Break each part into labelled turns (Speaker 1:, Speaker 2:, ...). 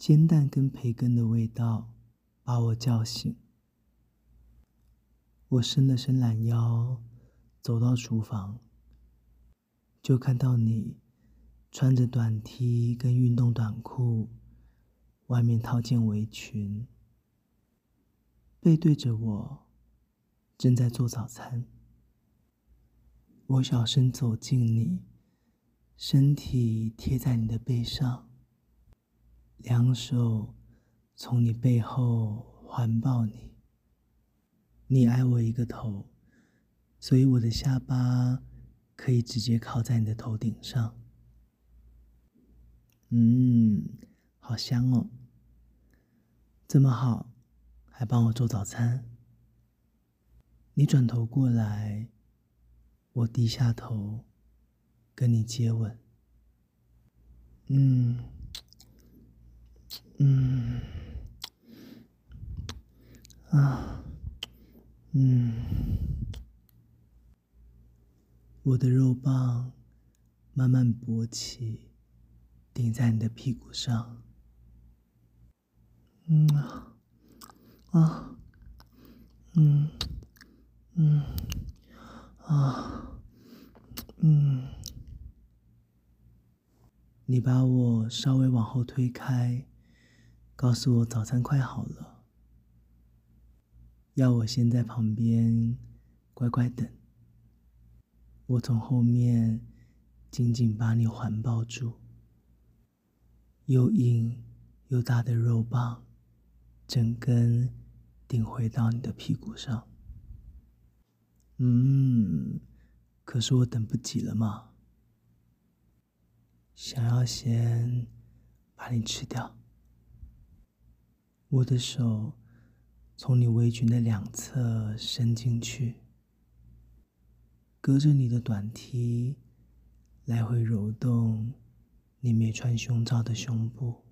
Speaker 1: 煎蛋跟培根的味道把我叫醒，我伸了伸懶腰，走到廚房，就看到你穿着短 T 跟運動短褲，外面套件圍裙，背對着我，正在做早餐。我小聲走近你，身體貼在你的背上。兩手從你背後環抱你，你矮我一個頭，所以我的下巴可以直接靠在你的頭頂上。嗯，好香哦，這麼好，還幫我做早餐。你轉頭過來，我低下頭，跟你接吻。嗯。
Speaker 2: 嗯，啊，
Speaker 1: 嗯，我的肉棒慢慢勃起，頂在你的屁股上。嗯啊，啊，嗯，嗯，啊，嗯，你把我稍微往後推開，告訴我，早餐快好了，要我先在旁邊乖乖等。我從後面緊緊把你環抱住，又硬又大的肉棒，整根頂回到你的屁股上。嗯，可是我等不及了嘛，想要先把你吃掉。我的手從你圍裙的兩側伸進去，隔着你的短 T 來回揉動你沒穿胸罩的胸部，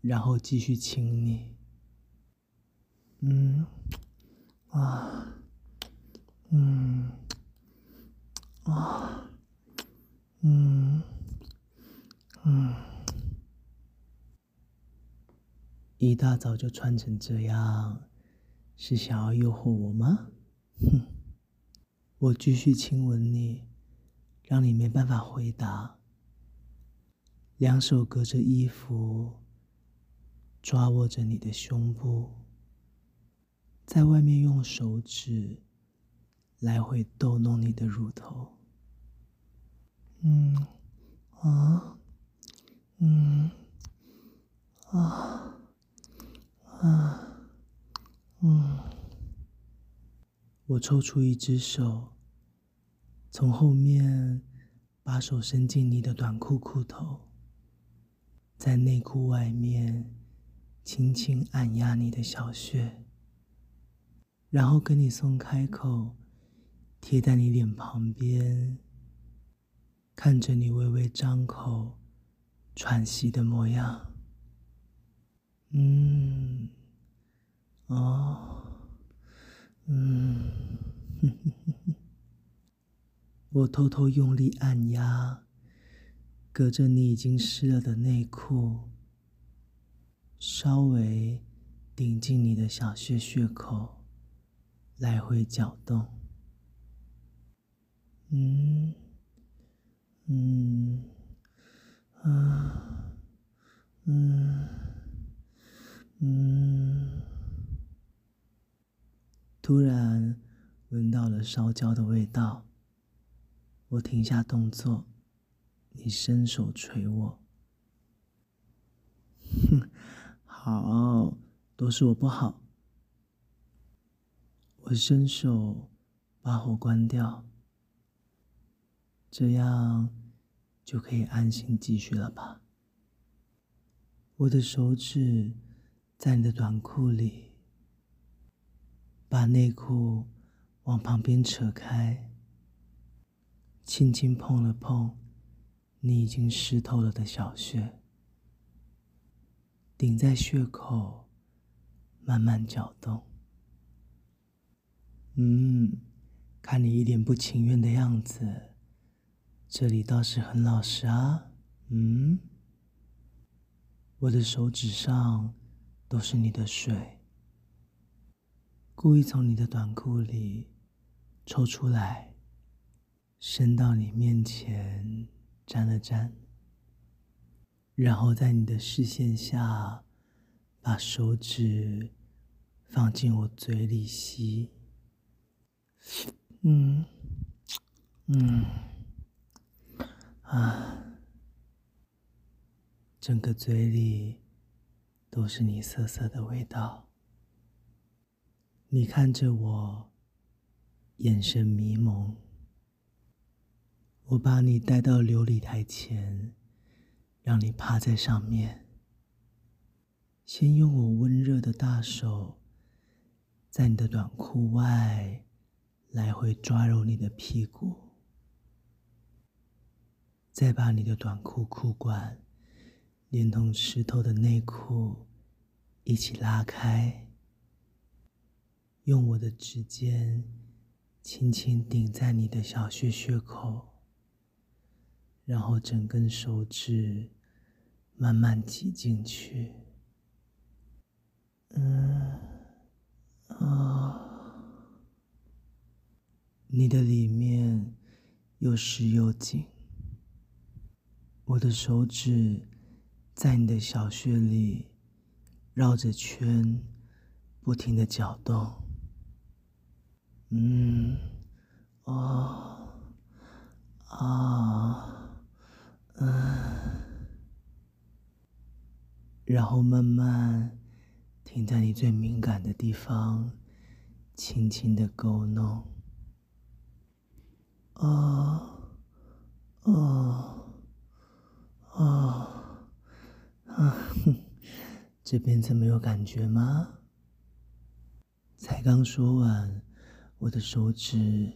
Speaker 1: 然後繼續親你。嗯，
Speaker 2: 啊，嗯，
Speaker 1: 啊。一大早就穿成這樣，是想要誘惑我嗎？哼！ 我繼續親吻你，讓你沒辦法回答。兩手隔着衣服抓握着你的胸部，在外面用手指來回逗弄你的乳頭。嗯，啊，嗯，啊。啊，嗯，我抽出一隻手，從後面把手伸進你的短褲褲頭，在內褲外面輕輕按壓你的小穴，然後跟你鬆開口，貼在你臉旁邊，看着你微微張口喘息的模樣。嗯，哦。嗯，哼哼哼哼，我偷偷用力按壓，隔着你已經濕了的內褲，稍微頂進你的小穴穴口，來回攪動。
Speaker 2: 嗯，嗯，啊，
Speaker 1: 嗯。嗯，突然聞到了燒焦的味道。我停下動作，你伸手捶我。哼， 好，都是我不好。我伸手把火關掉，這樣就可以安心繼續了吧。我的手指。在你的短褲裡，把內褲往旁邊扯開，輕輕碰了碰你已經濕透了的小穴，頂在穴口慢慢攪動。嗯，看你一臉不情願的樣子，這裡倒是很老實啊。嗯，我的手指上。都是你的水，故意從你的短褲裡抽出來，伸到你面前沾了沾，然後在你的視線下，把手指放進我嘴裡吸，
Speaker 2: 嗯，
Speaker 1: 嗯，啊，整個嘴裡。都是你色色的味道。你看着我，眼神迷蒙。我把你帶到流理台前，讓你趴在上面。先用我溫熱的大手，在你的短褲外，來回抓揉你的屁股，再把你的短褲褲管。連同濕透的內褲一起拉開，用我的指尖輕輕頂在你的小穴穴口，然後整根手指慢慢擠進去。嗯，啊、哦，你的裡面又濕又緊，我的手指。在你的小穴裡，繞着圈，不停的攪動，嗯，哦，啊、哦，嗯，然後慢慢停在你最敏感的地方，輕輕的勾弄，啊、哦，啊、哦，啊、哦。啊，哼，這邊怎麼沒有感覺嗎？才剛說完，我的手指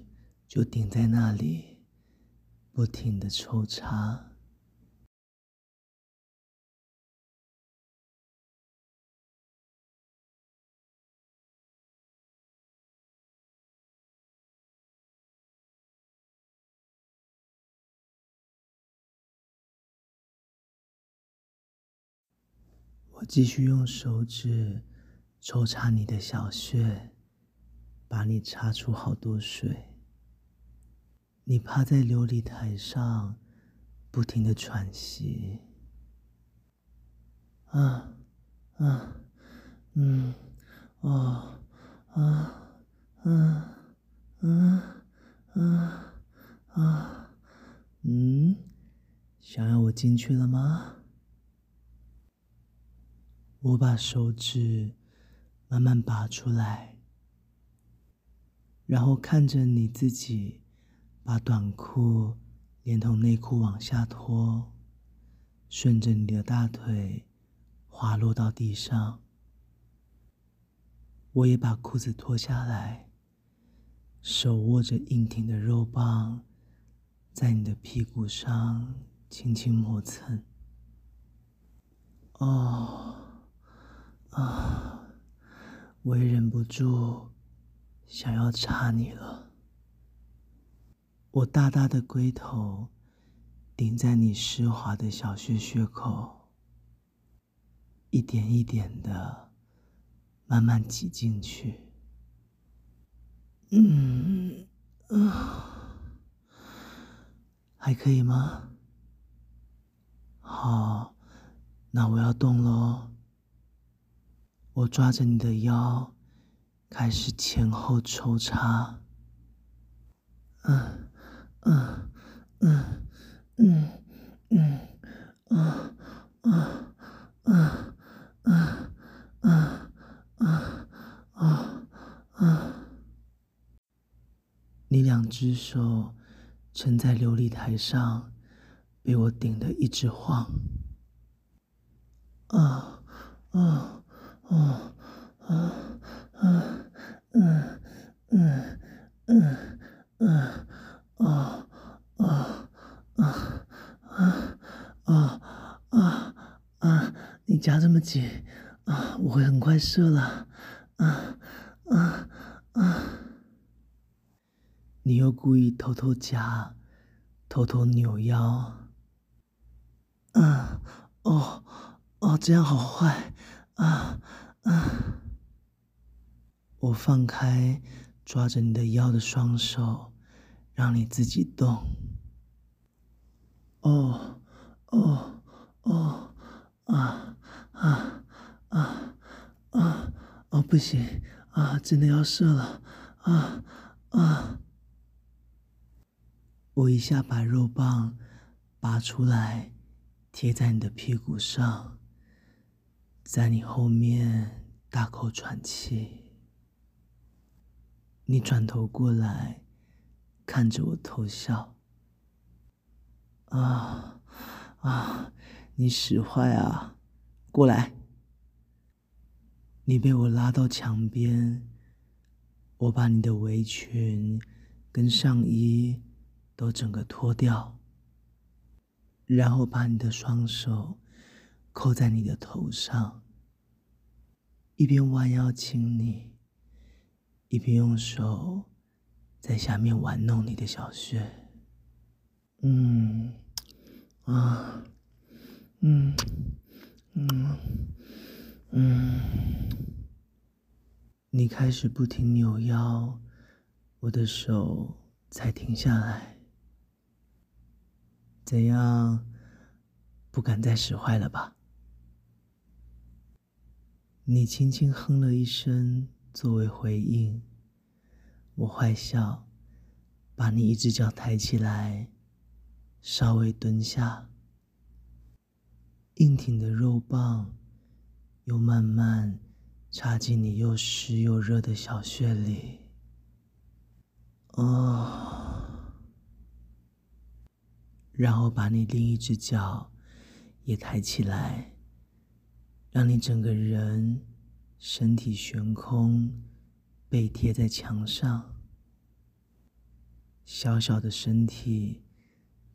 Speaker 1: 就頂在那裡，不停的抽插。我繼續用手指抽插你的小穴，把你插出好多水。你趴在流理台上，不停的喘息。啊，啊，嗯，哦，啊，啊，啊，啊，啊，嗯，想要我進去了嗎？我把手指慢慢拔出來，然後看着你自己把短褲連同內褲往下拖，順着你的大腿滑落到地上。我也把褲子脫下來，手握着硬挺的肉棒，在你的屁股上輕輕磨蹭。哦、Oh.。啊，我也忍不住想要插你了。我大大的龜頭頂在你濕滑的小穴穴口，一點一點的慢慢擠進去。嗯，啊，還可以嗎？好，那我要動嘍。我抓着你的腰，開始前後抽插，嗯、啊啊啊，嗯，嗯，嗯，嗯，嗯嗯嗯嗯嗯嗯嗯啊，啊啊啊啊啊，你兩隻手撐在流理台上，被我頂得一直晃，啊，啊。
Speaker 2: 哦，啊，啊，嗯，嗯，嗯，嗯，啊，啊，
Speaker 1: 啊，啊，啊，啊，啊，你夾這麼緊，啊，我會很快射了。啊，啊，啊，你又故意偷偷夾，偷偷扭腰。嗯，哦，哦，這樣好壞，啊。啊！我放開抓着你的腰的雙手，讓你自己動。哦，哦，哦，啊，啊，啊，啊！哦，不行，啊，真的要射了，啊，啊！我一下把肉棒拔出來，貼在你的屁股上。在你後面大口喘氣，你轉頭過來，看着我偷笑。啊啊，你使壞啊，過來！你被我拉到牆邊，我把你的圍裙跟上衣都整個脫掉，然後把你的雙手。扣在你的頭上，一邊彎腰親你，一邊用手在下面玩弄你的小穴。嗯，啊，嗯，嗯，嗯，你開始不停扭腰，我的手才停下來。怎樣？不敢再使壞了吧？你輕輕哼了一聲作為回應，我壞笑，把你一隻腳抬起來，稍微蹲下，硬挺的肉棒又慢慢插進你又濕又熱的小穴裡，哦，然後把你另一隻腳也抬起來。讓你整個人身體懸空，背貼在牆上，小小的身體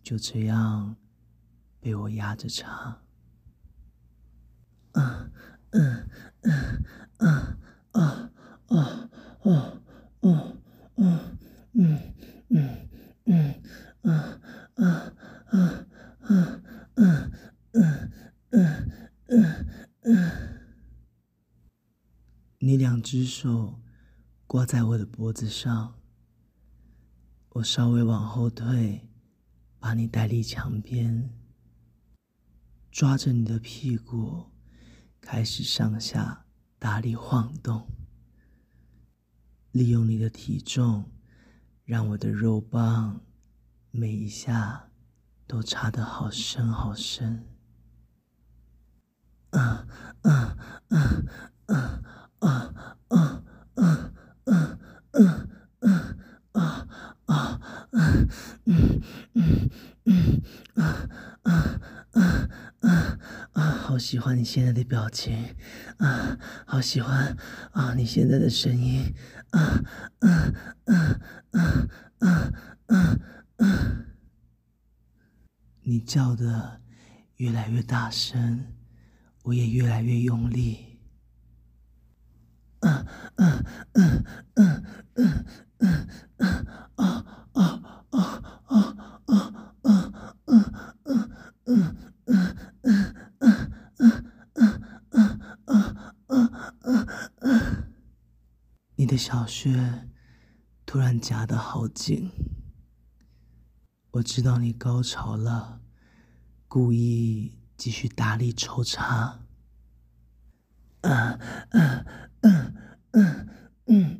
Speaker 1: 就這樣被我壓着插、啊。嗯嗯嗯嗯嗯嗯
Speaker 2: 嗯嗯嗯嗯嗯嗯嗯嗯嗯嗯。
Speaker 1: 你兩只手掛在我的脖子上，我稍微往後退，把你帶離牆邊，抓着你的屁股，開始上下大力晃動，利用你的體重，讓我的肉棒每一下都插得好深好深。嗯嗯嗯嗯。啊啊啊嗯嗯啊啊啊啊！好喜歡你現在的表情，啊，好喜歡啊！你現在的聲音，啊啊啊啊啊啊！啊啊啊啊你叫的越來越大聲，我也越來越用力。小穴突然夾得好緊，我知道你高潮了，故意繼續大力抽插。啊啊啊啊啊啊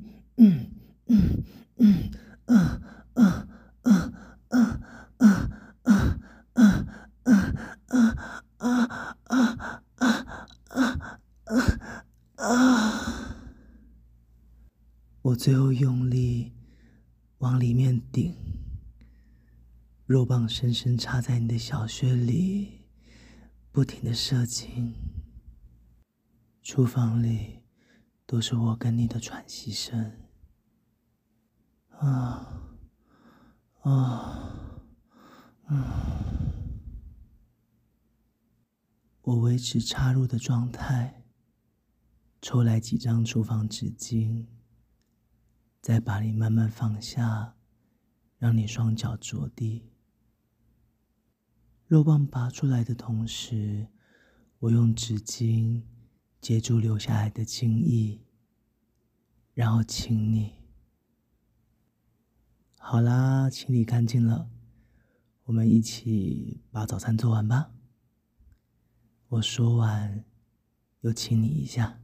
Speaker 1: 啊啊
Speaker 2: 啊啊啊啊啊啊啊啊啊！
Speaker 1: 我最後用力往裡面頂，肉棒深深插在你的小穴裡，不停的射精。廚房裡都是我跟你的喘息聲。啊啊嗯、啊啊，我維持插入的狀態，抽來幾張廚房紙巾。再把你慢慢放下，讓你雙腳着地。肉棒拔出來的同時，我用紙巾接住留下來的精液，然後親你。好啦，清理乾淨了，我們一起把早餐做完吧。我說完，又親你一下。